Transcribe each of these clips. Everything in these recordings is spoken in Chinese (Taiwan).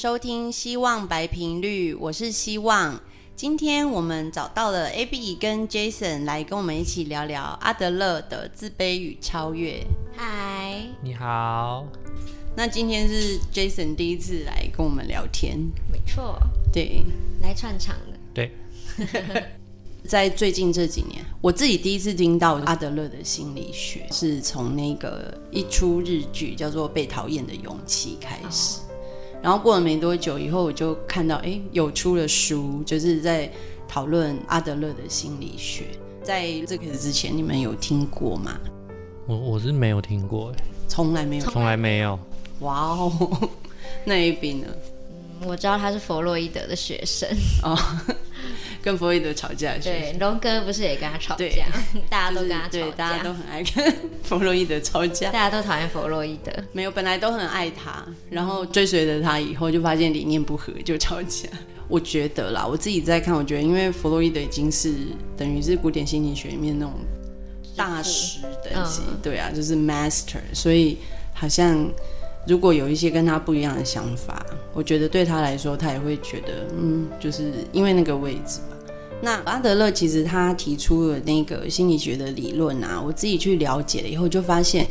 收聽希望白頻率，我是希望。今天我們找到了 AB 跟 Jason 來跟我們一起聊聊阿德勒的自卑與超越。嗨，你好。那今天是 Jason 第一次來跟我們聊天，沒錯，對，來串場的。對， 在最近這幾年，我自己第一次聽到阿德勒的心理學，是從那個一出日劇叫做《被討厭的勇氣》開始。Oh. .然後過了沒多久以後，我就看到誒有出了書，就是在討論阿德勒的心理學。在這個之前你們有聽過嗎？我我是沒有聽過，從來沒有聽過，從來沒有，從來沒有。哇哦，那一邊呢？我知道他是弗洛伊德的學生哦。 跟弗洛伊德吵架，對，龍哥不是也跟他吵架？ 對 大家都跟他吵架，就是，大家都很愛跟弗洛伊德吵架， 大家都討厭弗洛伊德。沒有，本來都很愛他，然後追隨着他，以後就發現理念不合，就吵架。 我覺得啦，我自己在看，我覺得因為弗洛伊德已經是等於是古典心理學裡面那種大師等級，就是嗯，對啊，就是 master，所以好像。如果有一些跟他不一樣的想法，我覺得對他來說，他也會覺得，嗯，就是因為那個位置吧。那阿德勒其實他提出了那個心理學的理論啊，我自己去了解了以後就發現，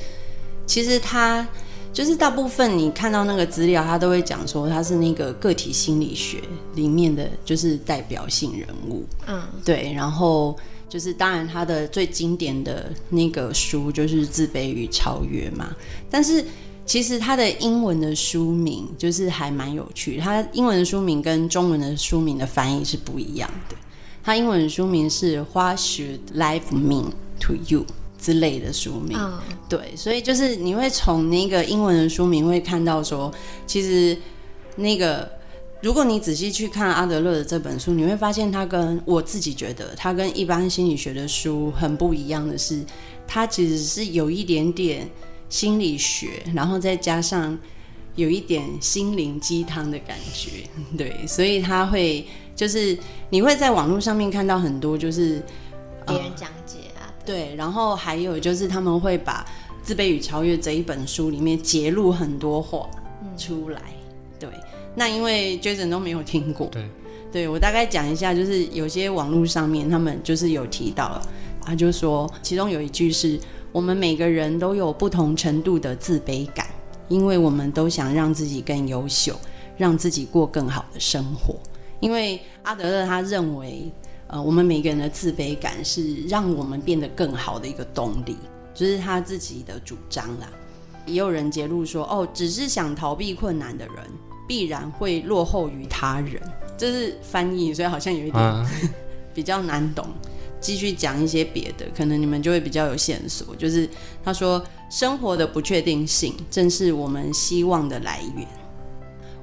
其實他就是大部分你看到那個資料，他都會講說他是那個個體心理學裡面的就是代表性人物，嗯，對。然後就是當然他的最經典的那個書就是《自卑與超越》嘛，但是。其實它的英文的書名就是還蠻有趣，它英文的書名跟中文的書名的翻譯是不一樣的。它英文的書名是 “What Should Life Mean to You” 之類的書名。Oh. 對，所以就是你會從那個英文的書名會看到說，其實那個如果你仔細去看阿德勒的這本書，你會發現他跟我自己覺得他跟一般心理學的書很不一樣的是，他其實是有一點點。心理學，然後再加上有一點心靈雞湯的感覺，對，所以他會就是你會在網絡上面看到很多就是別人講解啊，對，對，然後還有就是他們會把《自卑與超越》這一本書裡面節錄很多話出來，嗯、對，那因為 Jason 都沒有聽過，對，對我大概講一下，就是有些網絡上面他們就是有提到，他就說其中有一句是。我們每個人都有不同程度的自卑感，因為我們都想讓自己更優秀，讓自己過更好的生活。因為阿德勒他認為，呃，我們每個人的自卑感是讓我們變得更好的一個動力，就是他自己的主張啦。也有人揭露說，哦，只是想逃避困難的人，必然會落後於他人。這是翻譯，所以好像有一點 比較難懂。繼續講一些別的，可能你們就會比較有線索。就是他說，生活的不確定性正是我們希望的來源。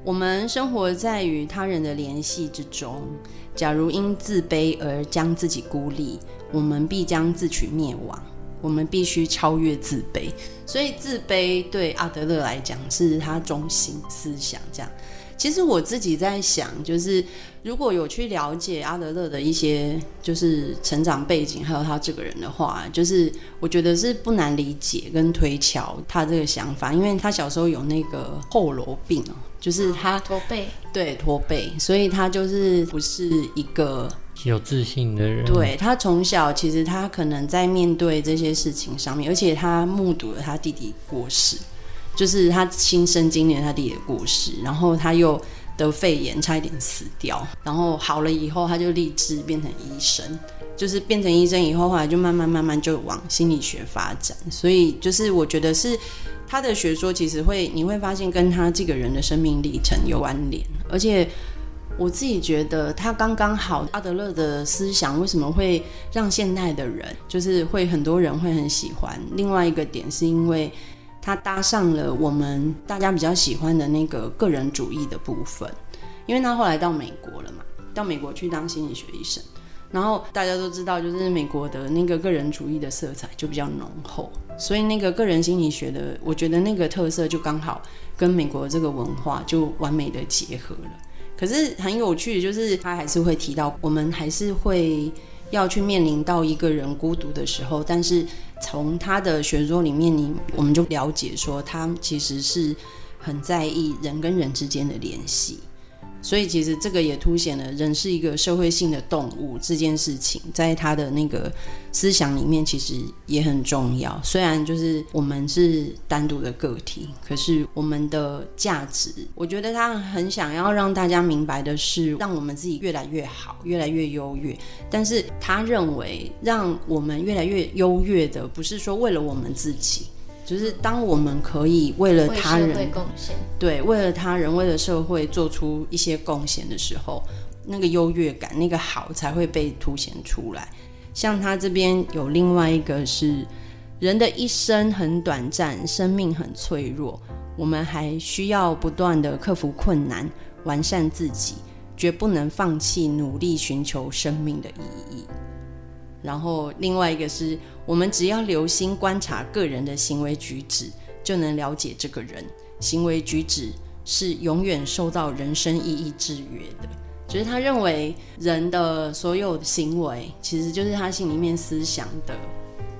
我們生活在與他人的聯繫之中。假如因自卑而將自己孤立，我們必將自取滅亡。我們必須超越自卑。所以，自卑對阿德勒來講是他中心思想。這樣。其實我自己在想，就是如果有去了解阿德勒的一些，就是成長背景，還有他這個人的話，就是我覺得是不難理解跟推敲他這個想法，因為他小時候有那個佝僂病哦，就是他駝背，對駝背，所以他就是不是一個有自信的人，對他從小其實他可能在面對這些事情上面，而且他目睹了他弟弟過世。就是他親身經歷他自己的故事，然後他又得肺炎，差一點死掉，然後好了以後，他就立志變成醫生。就是變成醫生以後，後來就慢慢慢慢就往心理學發展。所以，就是我覺得是他的學說，其實會你會發現跟他這個人的生命歷程有關聯。而且，我自己覺得他剛剛好，阿德勒的思想為什麼會讓現代的人，就是會很多人會很喜歡。另外一個點是因為。他搭上了我們大家比較喜歡的那個個人主義的部分，因為他後來到美國了嘛，到美國去當心理學醫生，然後大家都知道，就是美國的那個個人主義的色彩就比較濃厚，所以那個個人心理學的，我覺得那個特色就剛好跟美國這個文化就完美的結合了。可是很有趣，就是他還是會提到，我們還是會要去面臨到一個人孤獨的時候，但是。從他的學說裡面，你我們就了解說，他其實是很在意人跟人之間的聯繫。所以其實這個也凸顯了人是一個社會性的動物這件事情，在他的那個思想裡面其實也很重要。雖然就是我們是單獨的個體，可是我們的價值，我覺得他很想要讓大家明白的是，讓我們自己越來越好，越來越優越。但是他認為，讓我們越來越優越的，不是說為了我們自己。就是當我們可以為了他人，對，為了他人，為了社會做出一些貢獻的時候，那個優越感，那個好才會被凸顯出來。像他這邊有另外一個是，人的一生很短暫，生命很脆弱，我們還需要不斷地克服困難，完善自己，絕不能放棄努力，尋求生命的意義。然後，另外一個是我們只要留心觀察個人的行為舉止，就能了解這個人。行為舉止是永遠受到人生意義制約的。就是他認為人的所有行為，其實就是他心裡面思想的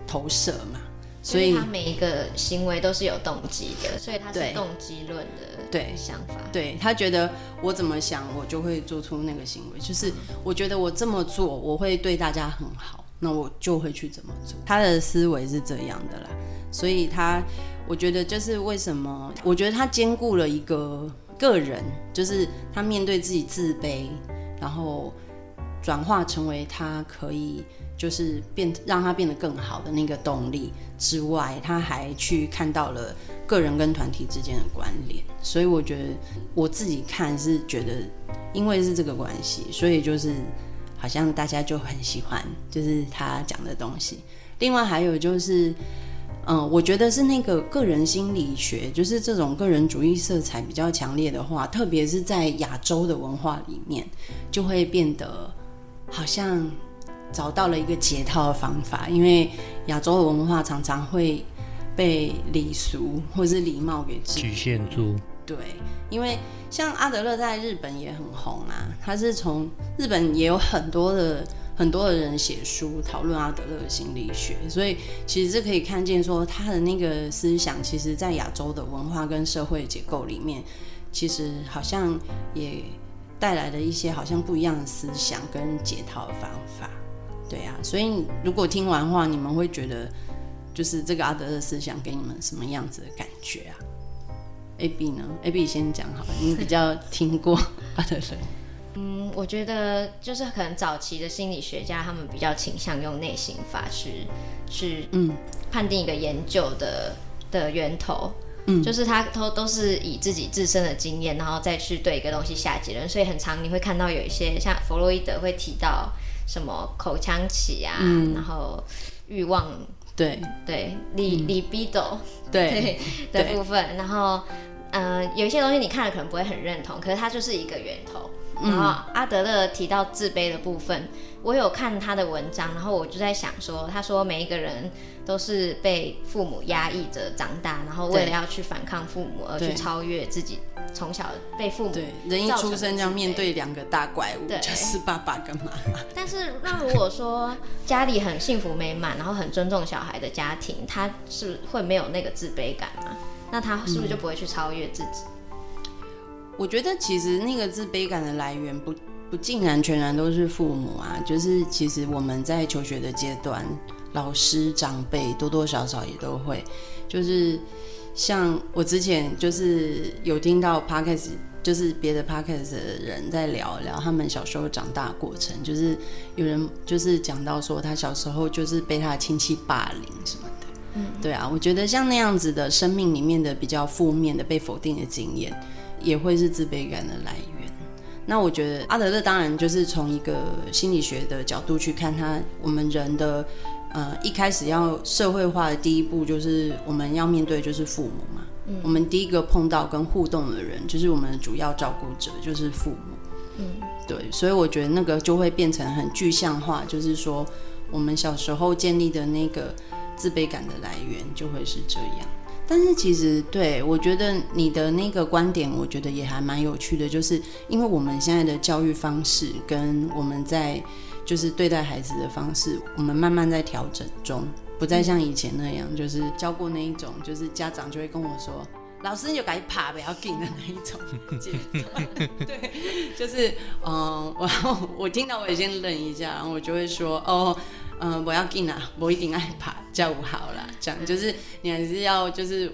投射嘛。所以，他每一個行為都是有動機的。所以他是動機論的。對，想法。對，他覺得我怎麼想，我就會做出那個行為。就是我覺得我這麼做，我會對大家很好。那我就會去怎麼做？他的思維是這樣的啦，所以他我覺得就是為什麼？我覺得他兼顧了一個個人，就是他面對自己自卑，然後轉化成為他可以就是變讓他變得更好的那個動力之外，他還去看到了個人跟團體之間的關聯。所以我覺得我自己看是覺得，因為是這個關係，所以就是。好像大家就很喜歡，就是他講的東西。另外還有就是，嗯、呃，我覺得是那個個人心理學，就是這種個人主義色彩比較強烈的話，特別是在亞洲的文化裡面，就會變得好像找到了一個解套的方法，因為亞洲的文化常常會被禮俗或是禮貌給侷限住。對，因為像阿德勒在日本也很紅啊，他是從日本也有很多的很多的人寫書討論阿德勒的心理學，所以其實是可以看見說他的那個思想，其實在亞洲的文化跟社會結構裡面，其實好像也帶來了一些好像不一樣的思想跟解套的方法。對啊，所以如果聽完話，你們會覺得就是這個阿德勒思想給你們什麼樣子的感覺啊？A B 呢？A B 先講好了，你比較聽過、 啊，對不對？嗯，我覺得就是可能早期的心理學家，他們比較傾向用內省法去去嗯判定一個研究的的源頭，嗯，就是他都都是以自己自身的經驗，然後再去對一個東西下結論，所以很常你會看到有一些像弗洛伊德會提到什麼口腔期啊，嗯、然後慾望。對對，力力比多對、嗯、對，對的部分，然後嗯、呃，有一些東西你看了可能不會很認同，可是它就是一個源頭。嗯、然後阿德勒提到自卑的部分。我有看他的文章，然後我就在想說，他說每一個人都是被父母壓抑着長大，然後為了要去反抗父母而去超越自己。從小被父母對，對人一出生就要面對兩個大怪物，就是爸爸跟媽媽。但是那如果說 家裡很幸福美滿，然後很尊重小孩的家庭，他是會沒有那個自卑感嗎？那他是不是就不會去超越自己？嗯、我覺得其實那個自卑感的來源不。不，盡然全然都是父母啊！就是其實我們在求學的階段，老師、長輩多多少少也都會。就是像我之前就是有聽到 podcast，就是別的 podcast 的人在聊聊他們小時候長大過程。就是有人就是講到說他小時候就是被他的親戚霸凌什麼的。嗯。對啊，我覺得像那樣子的生命裡面的比較負面的被否定的經驗，也會是自卑感的來源。那我覺得阿德勒當然就是從一個心理學的角度去看他，我們人的呃一開始要社會化的第一步就是我們要面對就是父母嘛。嗯，我們第一個碰到跟互動的人就是我們的主要照顧者就是父母，嗯，對，所以我覺得那個就會變成很具象化，就是說我們小時候建立的那個自卑感的來源就會是這樣。但是其實，對，我覺得你的那個觀點，我覺得也還蠻有趣的。就是因為我們現在的教育方式跟我們在就是對待孩子的方式，我們慢慢在調整中，不再像以前那樣，就是教過那一種，就是家長就會跟我說：“老師，你就趕緊爬，不要緊的那一種。”對，就是嗯，然後我聽到我也先冷一下，然後我就會說：“哦。”嗯、呃，不要緊啊！我一定愛怕。教不好了，這樣就是你還是要就是，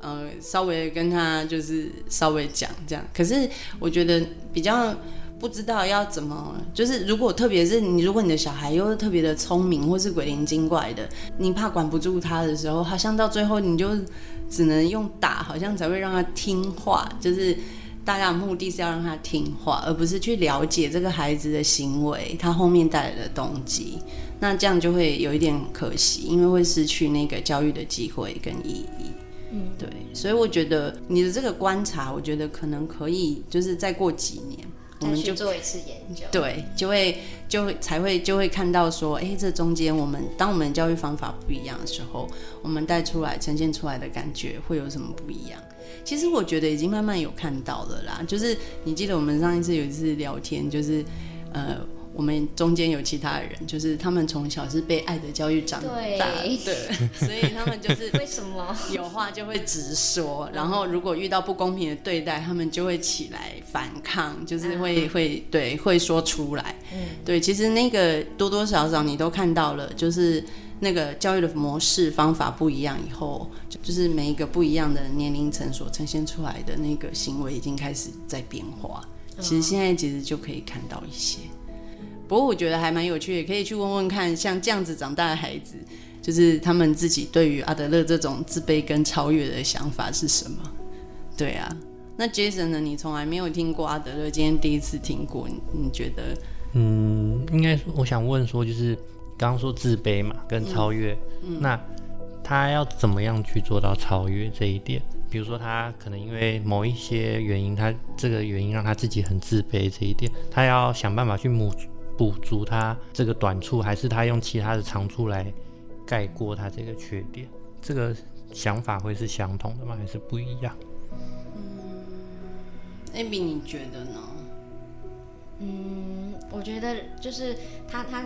呃，稍微跟他就是稍微講這樣。可是我覺得比較不知道要怎麼，就是如果特別是你，如果你的小孩又特別的聰明或是鬼靈精怪的，你怕管不住他的時候，好像到最後你就只能用打，好像才會讓他聽話，就是。大家的目的是要讓他聽話，而不是去了解這個孩子的行為，他後面帶來的動機。那這樣就會有一點可惜，因為會失去那個教育的機會跟意義。嗯，對。所以我覺得你的這個觀察，我覺得可能可以，就是再過幾年，我們就做一次研究，對，就會就會才會就會看到說，哎、欸，這中間我們當我們教育方法不一樣的時候，我們帶出來呈現出來的感覺會有什麼不一樣？其實我覺得已經慢慢有看到了啦，就是你記得我們上一次有一次聊天，就是，呃，我們中間有其他人，就是他們從小是被愛的教育長大的。所以他們就是為什麼有話就會直說，然後如果遇到不公平的對待，他們就會起來反抗，就是會，啊，會，對，會說出來，嗯，對，其實那個多多少少你都看到了，就是。那個教育的模式方法不一樣，以後就是每一個不一樣的年齡層所呈現出來的那個行為已經開始在變化。其實現在其實就可以看到一些，嗯、不過我覺得還蠻有趣，也可以去問問看，像這樣子長大的孩子，就是他們自己對於阿德勒這種自卑跟超越的想法是什麼？對啊，那 Jason 呢？你從來沒有聽過阿德勒，今天第一次聽過，你你覺得？嗯，應該我想問說，就是。剛剛說自卑嘛，跟超越，嗯嗯，那他要怎麼樣去做到超越這一點？比如說，他可能因為某一些原因，他這個原因讓他自己很自卑，這一點，他要想辦法去補補足他這個短處，還是他用其他的長處來蓋過他這個缺點？這個想法會是相同的嗎？還是不一樣？嗯，艾米，你覺得呢？嗯，我覺得就是他他。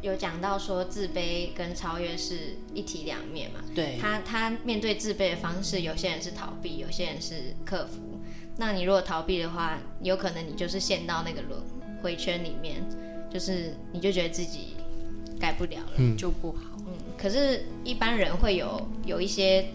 有講到說自卑跟超越是一體兩面嘛。對，他他面對自卑的方式，有些人是逃避，有些人是克服。那你如果逃避的話，有可能你就是陷到那個輪回圈裡面，就是你就覺得自己改不了了，就不好、啊。嗯，可是一般人會有有一些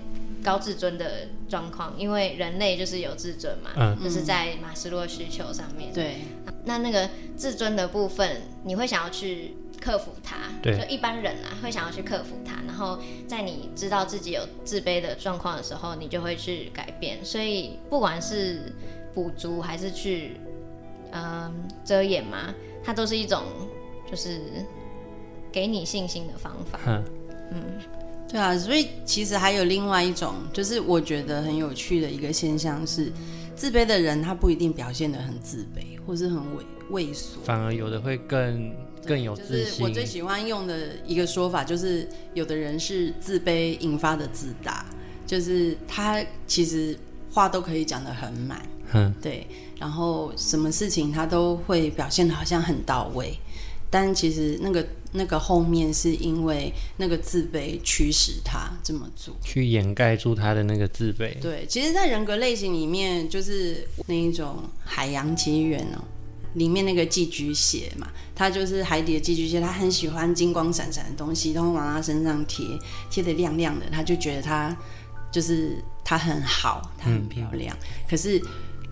高自尊的狀況，因為人類就是有自尊嘛、啊，就是在馬斯洛需求上面。嗯、對、啊，那那個自尊的部分，你會想要去克服它，對，就一般人啊會想要去克服它，然後在你知道自己有自卑的狀況的時候，你就會去改變。所以不管是補足還是去嗯、呃、遮掩嘛，它都是一種就是給你信心的方法。嗯對啊。所以其實還有另外一種，就是我覺得很有趣的一個現象是，嗯、自卑的人他不一定表現得很自卑，或是很萎。畏縮，反而有的會更更有自信。就是，我最喜歡用的一個說法就是，有的人是自卑引發的自大，就是他其實話都可以講得很滿，嗯，對，然後什麼事情他都會表現得好像很到位，但其實那個那個後面是因為那個自卑驅使他這麼做，去掩蓋住他的那個自卑。對，其實，在人格類型裡面，就是那一種海洋機緣哦。裡面那個寄居蟹嘛，它就是海底的寄居蟹，它很喜歡金光閃閃的東西，然後往它身上貼，貼得亮亮的，它就覺得它就是它很好，它很漂亮。嗯，可是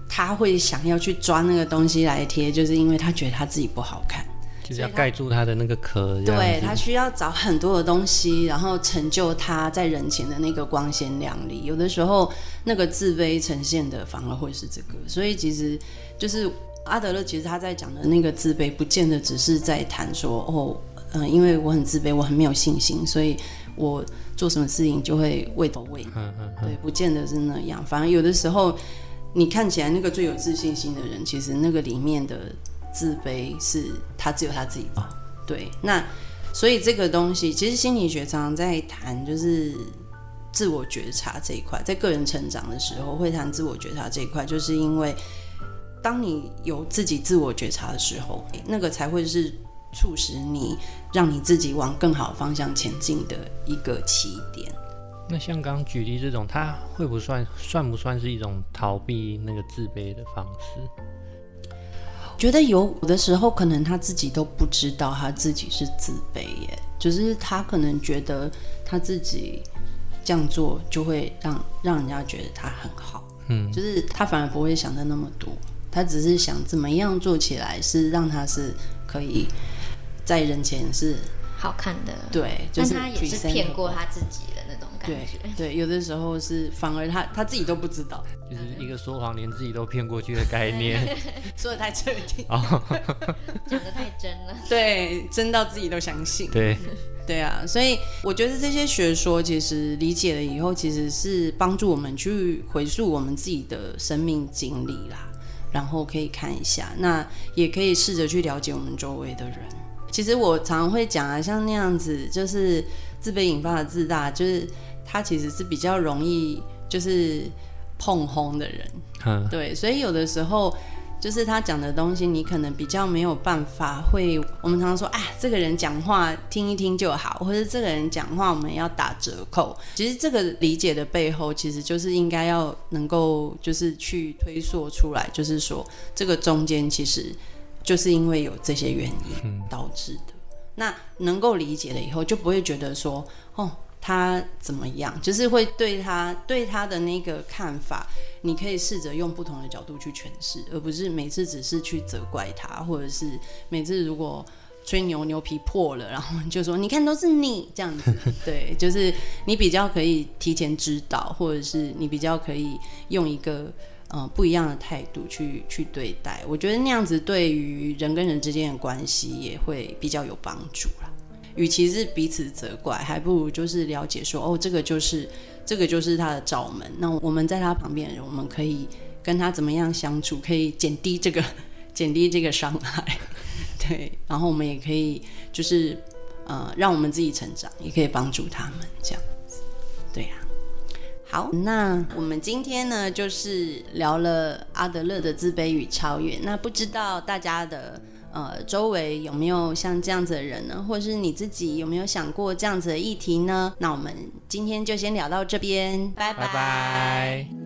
它會想要去抓那個東西來貼，就是因為它覺得它自己不好看，就是要蓋住它的那個殼。對，它需要找很多的東西，然後成就它在人前的那個光鮮亮麗。有的時候那個自卑呈現的反而會是這個，所以其實就是。阿德勒其實他在講的那個自卑，不見得只是在談說哦，嗯、呃，因為我很自卑，我很沒有信心，所以我做什麼事情就會畏頭畏。對，不見得是那樣。反而有的時候，你看起來那個最有自信心的人，其實那個裡面的自卑是他只有他自己吧。對，那所以這個東西，其實心理學常常在談就是自我覺察這一塊，在個人成長的時候會談自我覺察這一塊，就是因為。當你有自己自我覺察的時候，那個才會是促使你讓你自己往更好的方向前進的一個起點。那像剛舉例這種，他會不算，算不算是一種逃避那個自卑的方式？覺得有的時候，可能他自己都不知道他自己是自卑耶，只、就是他可能覺得他自己這樣做就會讓讓人家覺得他很好，嗯，就是他反而不會想的那麼多。他只是想怎麼樣做起來是讓他是可以在人前是好看的，對，就是、但他也是騙過他自己的那種感覺。對，對有的時候是反而他他自己都不知道， 就是一個說謊連自己都騙過去的概念， 說的太徹底，講 的 太真了，對，真到自己都相信。對，對啊，所以我覺得這些學說其實理解了以後，其實是幫助我們去回溯我們自己的生命經歷啦。然後可以看一下，那也可以試着去了解我們周圍的人。其實我常會講啊，像那樣子就是自卑引發的自大，就是他其實是比較容易就是碰轟的人。嗯、對，所以有的時候。就是他講的東西，你可能比較沒有辦法。會我們常常說，哎、啊，這個人講話聽一聽就好，或者這個人講話我們要打折扣。其實這個理解的背後，其實就是應該要能夠，就是去推溯出來，就是說這個中間其實就是因為有這些原因導致的。那能夠理解了以後，就不會覺得說，哦。他怎麼樣？就是會對他對他的那個看法，你可以試着用不同的角度去詮釋，而不是每次只是去責怪他，或者是每次如果吹牛牛皮破了，然後就說你看都是你這樣子。對，就是你比較可以提前知道，或者是你比較可以用一個呃不一樣的態度去去對待。我覺得那樣子對於人跟人之間的關係也會比較有幫助啦。與其是彼此責怪，還不如就是了解說，哦，這個就是，這個就是他的罩門。那我們在他旁邊的人，我們可以跟他怎麼樣相處，可以減低這個，減低這個傷害。對，然後我們也可以就是，呃，讓我們自己成長，也可以幫助他們這樣子。對呀、啊，好，那我們今天呢，就是聊了阿德勒的自卑與超越。那不知道大家的。呃，周圍有沒有像這樣子的人呢？或者是你自己有沒有想過這樣子的議題呢？那我們今天就先聊到這邊，拜拜。